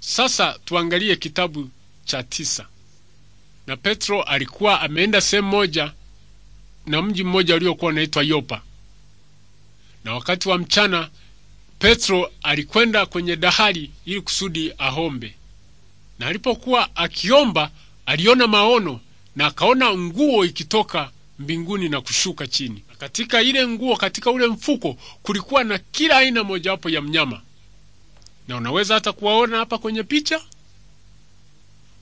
Sasa tuangalie kitabu cha tisa. Na Petro alikuwa ameenda sehemu moja na mji mmoja uliokuwa unaitwa Yopa, na wakati wa mchana Petro alikwenda kwenye dahari ili kusudi ahombe, na alipokuwa akiomba aliona maono na akaona nguo ikitoka mbinguni na kushuka chini. Katika ile nguo, katika ule mfuko kulikuwa na kila aina mojawapo ya mnyama na unaweza hata kuwaona hapa kwenye picha.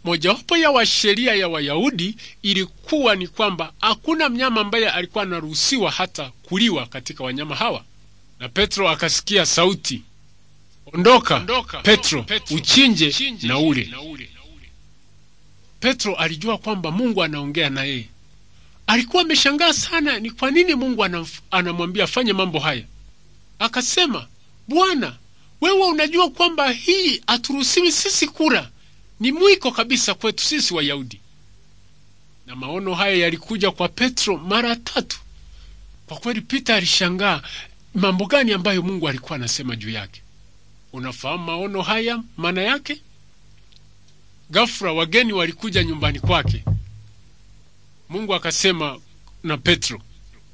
Mojawapo ya washeria ya Wayahudi ilikuwa ni kwamba hakuna mnyama ambaye alikuwa anaruhusiwa hata kuliwa katika wanyama hawa. Na Petro akasikia sauti, ondoka, ondoka Petro, Petro uchinje, uchinje na ule. Petro alijua kwamba Mungu anaongea na yeye. Alikuwa ameshangaa sana, ni kwa nini Mungu anamwambia afanye mambo haya. Akasema, Bwana, wewe unajua kwamba hii haturuhusiwi sisi kura, ni mwiko kabisa kwetu sisi Wayahudi. Na maono haya yalikuja kwa Petro mara tatu. Kwa kweli, Pita alishangaa mambo gani ambayo Mungu alikuwa anasema juu yake. Unafahamu maono haya maana yake? Ghafla wageni walikuja nyumbani kwake. Mungu akasema na Petro,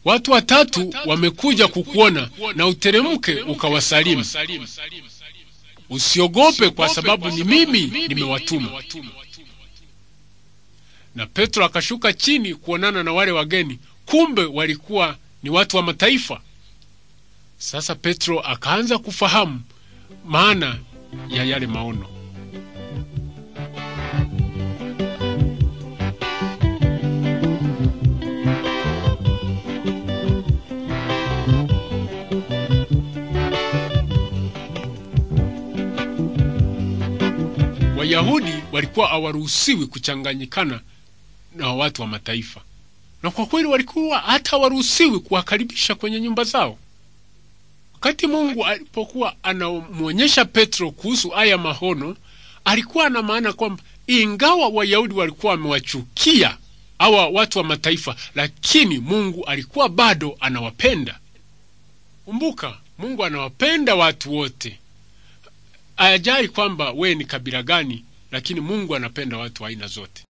Watu watatu wamekuja kukuona na uteremke ukawasalimu. Usiogope kwa sababu ni mimi nimewatuma. Na Petro akashuka chini kuonana na wale wageni, kumbe walikuwa ni watu wa mataifa. Sasa Petro akaanza kufahamu maana ya yale maono. Wayahudi walikuwa hawaruhusiwi kuchanganyikana na watu wa mataifa, na kwa kweli walikuwa hata hawaruhusiwi kuwakaribisha kwenye nyumba zao. Wakati Mungu alipokuwa anamwonyesha Petro kuhusu haya mahono, alikuwa na maana kwamba ingawa Wayahudi walikuwa wamewachukia hawa watu wa mataifa, lakini Mungu alikuwa bado anawapenda. Kumbuka, Mungu anawapenda watu wote ayajai kwamba we ni kabila gani, lakini Mungu anapenda watu wa aina zote.